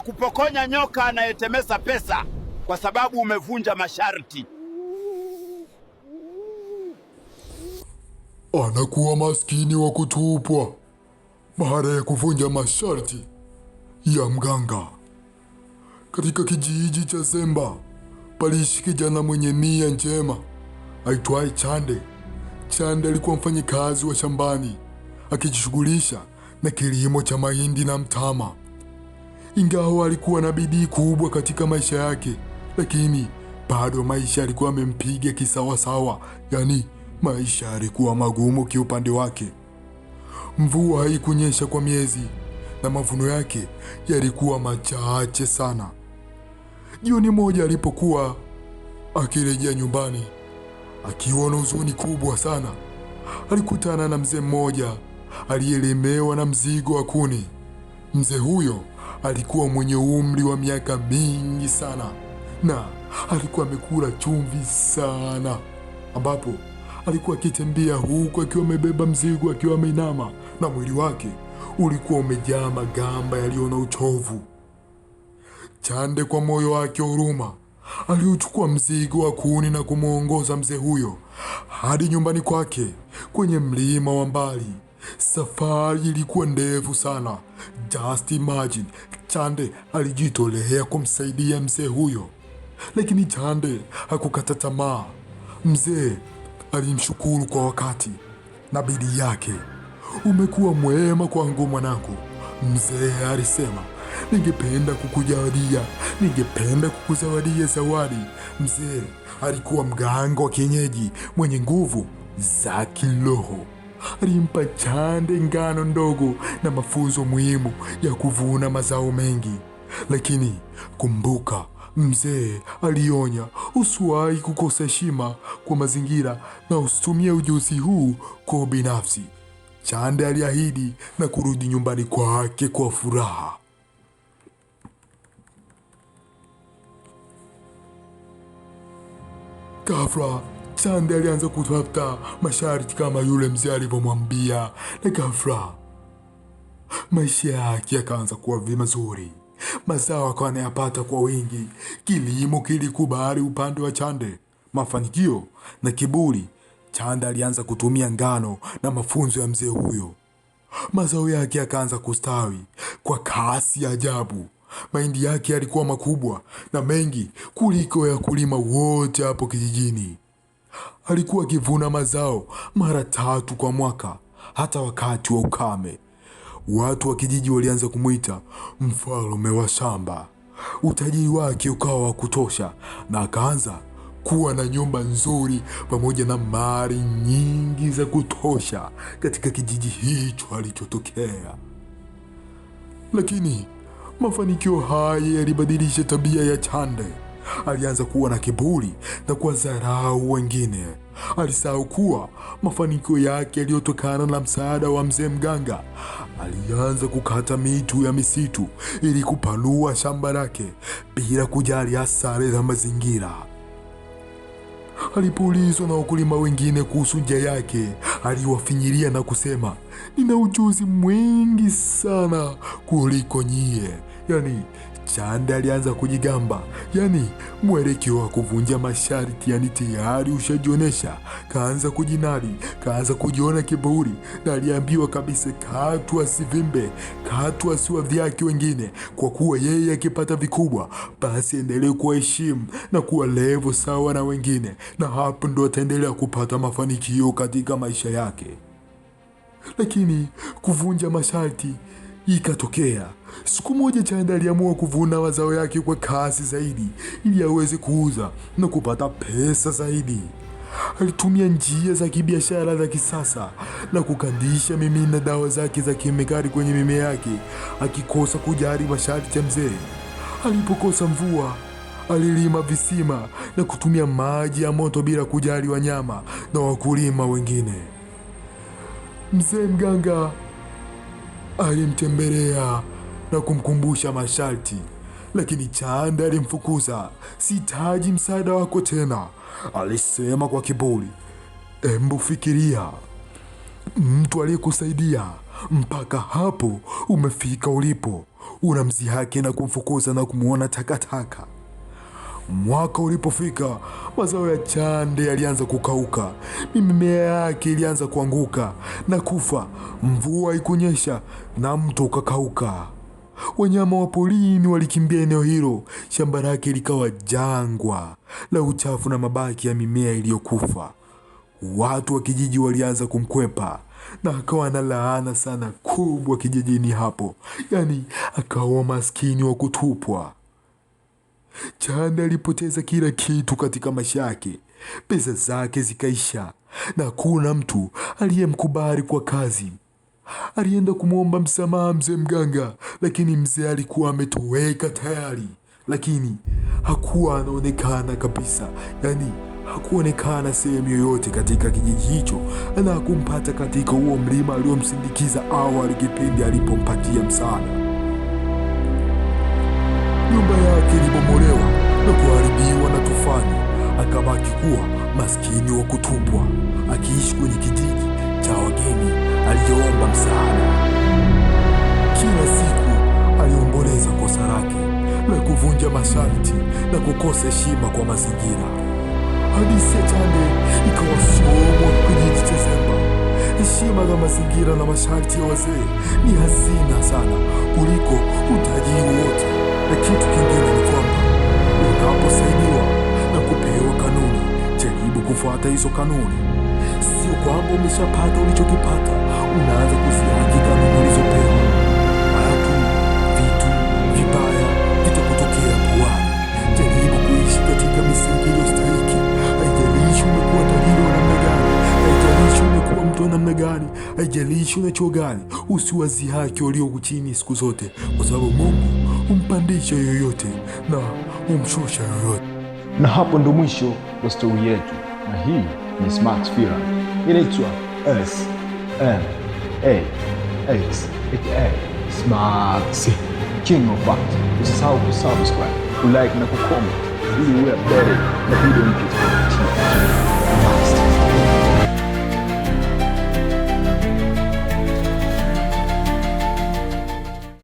kupokonya nyoka anayetemesa pesa kwa sababu umevunja masharti. Anakuwa maskini wa kutupwa baada ya kuvunja masharti ya mganga. Katika kijiji cha Semba paliishi kijana mwenye nia njema aitwaye Chande. Chande alikuwa mfanyikazi wa shambani akijishughulisha na kilimo cha mahindi na mtama. Ingawa alikuwa na bidii kubwa katika maisha yake, lakini bado maisha alikuwa amempiga kisawasawa, yaani maisha alikuwa magumu kiupande wake. Mvua haikunyesha kwa miezi na mavuno yake yalikuwa machache sana. Jioni moja alipokuwa akirejea nyumbani akiwa na huzuni kubwa sana, alikutana na mzee mmoja aliyelemewa na mzigo wa kuni. Mzee huyo alikuwa mwenye umri wa miaka mingi sana na alikuwa amekula chumvi sana, ambapo alikuwa akitembea huku akiwa amebeba mzigo, akiwa ameinama na mwili wake ulikuwa umejaa magamba yaliyo na uchovu. Chande kwa moyo wake huruma aliuchukua mzigo wa kuni na kumwongoza mzee huyo hadi nyumbani kwake kwenye mlima wa mbali. Safari ilikuwa ndefu sana, just imagine Chande alijitolea kumsaidia mzee huyo, lakini Chande hakukata tamaa. Mzee alimshukuru kwa wakati na bidii yake. Umekuwa mwema kwangu mwanangu, mzee alisema. Ningependa kukujawadia, ningependa kukuzawadia zawadi. Mzee alikuwa mganga wa kienyeji mwenye nguvu za kiroho alimpa Chande ngano ndogo na mafunzo muhimu ya kuvuna mazao mengi. Lakini kumbuka, mzee alionya, usiwahi kukosa heshima kwa mazingira na usitumie ujuzi huu kwa binafsi. Chande aliahidi na kurudi nyumbani kwake kwa furaha. Ghafla Sande alianza kutafuta masharti kama yule mzee alivyomwambia, na ghafla maisha yake yakaanza kuwa mazuri. Mazao akawa anayapata kwa wingi, kilimo kilikubali upande wa Chande mafanikio na kiburi. Chande alianza kutumia ngano na mafunzo ya mzee huyo, mazao yake yakaanza kustawi kwa kasi ya ajabu. Mahindi yake yalikuwa makubwa na mengi kuliko ya kulima wote hapo kijijini alikuwa akivuna mazao mara tatu kwa mwaka, hata wakati wa ukame. Watu wa kijiji walianza kumwita mfalme wa shamba. Utajiri wake ukawa wa kutosha, na akaanza kuwa na nyumba nzuri pamoja na mali nyingi za kutosha katika kijiji hicho alichotokea. Lakini mafanikio haya yalibadilisha tabia ya Chande. Alianza kuwa na kiburi na kuwadharau wengine. Alisahau kuwa mafanikio yake yaliyotokana na msaada wa mzee mganga. Alianza kukata mitu ya misitu ili kupanua shamba lake bila kujali hasara za mazingira. Alipoulizwa na wakulima wengine kuhusu njia yake, aliwafinyilia na kusema, nina ujuzi mwingi sana kuliko nyie yani Chande alianza kujigamba, yani mwelekeo wa kuvunja masharti, yani tayari ushajionyesha. Kaanza kujinadi, kaanza kujiona kiburi, na aliambiwa kabisa katu asivimbe, katu asiwa vyake wengine, kwa kuwa yeye akipata vikubwa, basi endelee kuwaheshimu na kuwa levo sawa na wengine, na hapo ndo ataendelea kupata mafanikio katika maisha yake. Lakini kuvunja masharti Ikatokea siku moja Chanda aliamua kuvuna mazao yake kwa kasi zaidi ili aweze kuuza na kupata pesa zaidi. Alitumia njia za kibiashara za kisasa na kukandisha mimina dawa zake za kemikali kwenye mimea yake, akikosa kujali masharti ya mzee. Alipokosa mvua, alilima visima na kutumia maji ya moto bila kujali wanyama na wakulima wengine. Mzee mganga alimtembelea na kumkumbusha masharti, lakini Chande alimfukuza. Sitaji msaada wako tena, alisema kwa kiburi. Embu fikiria, mtu aliyekusaidia mpaka hapo umefika ulipo, unamzihaki na kumfukuza na kumwona takataka. Mwaka ulipofika, mazao ya Chande yalianza kukauka, mimea yake ilianza kuanguka na kufa. Mvua ikunyesha na mto ukakauka. Wanyama wa porini walikimbia eneo hilo. Shamba lake likawa jangwa la uchafu na mabaki ya mimea iliyokufa. Watu wa kijiji walianza kumkwepa na akawa na laana sana kubwa kijijini hapo, yaani akawa maskini wa kutupwa. Chanda alipoteza kila kitu katika maisha yake. Pesa zake zikaisha na hakuna mtu aliyemkubali kwa kazi. Alienda kumwomba msamaha mzee mganga, lakini mzee alikuwa ametoweka tayari, lakini hakuwa anaonekana kabisa, yaani hakuonekana sehemu yoyote katika kijiji hicho, na hakumpata katika huo mlima aliomsindikiza awali kipindi alipompatia msaada kilibomolewa na kuharibiwa na tufani, akabaki kuwa maskini wa kutupwa, akiishi kwenye kijiji cha wageni aliyoomba msaada. Kila siku aliomboleza kosa lake la kuvunja masharti na kukosa heshima kwa mazingira. Hadithi ya Chande ikawa somo la kijiji cha Zemba. Heshima za mazingira na masharti ya wazee ni hazina sana kuliko utajiri wote. Na kitu kingine ni kwamba unaposaidiwa na kupewa kanuni, jaribu kufuata hizo kanuni. Sio kwamba umeshapata ulichokipata, unaanza kuzihoji kanuni ulizopewa. Watu, vitu vibaya vitakutokea kuwani. Jaribu kuishi katika misingi iliyostahiki. Haijalishi umekuwa tajiri wa namna gani, haijalishi umekuwa mtu wa namna gani, haijalishi una chuo gani, usiwazi haki walio chini siku zote, kwa sababu Mungu umpandisha yoyote na umshusha yoyote. Na hapo ndo mwisho wa stori yetu, na hii ni Smart Film inaitwa S M A X aka Smax King of Fact. Usisahau kusubscribe, kulike na kucomment ili uwe updated na video mpya.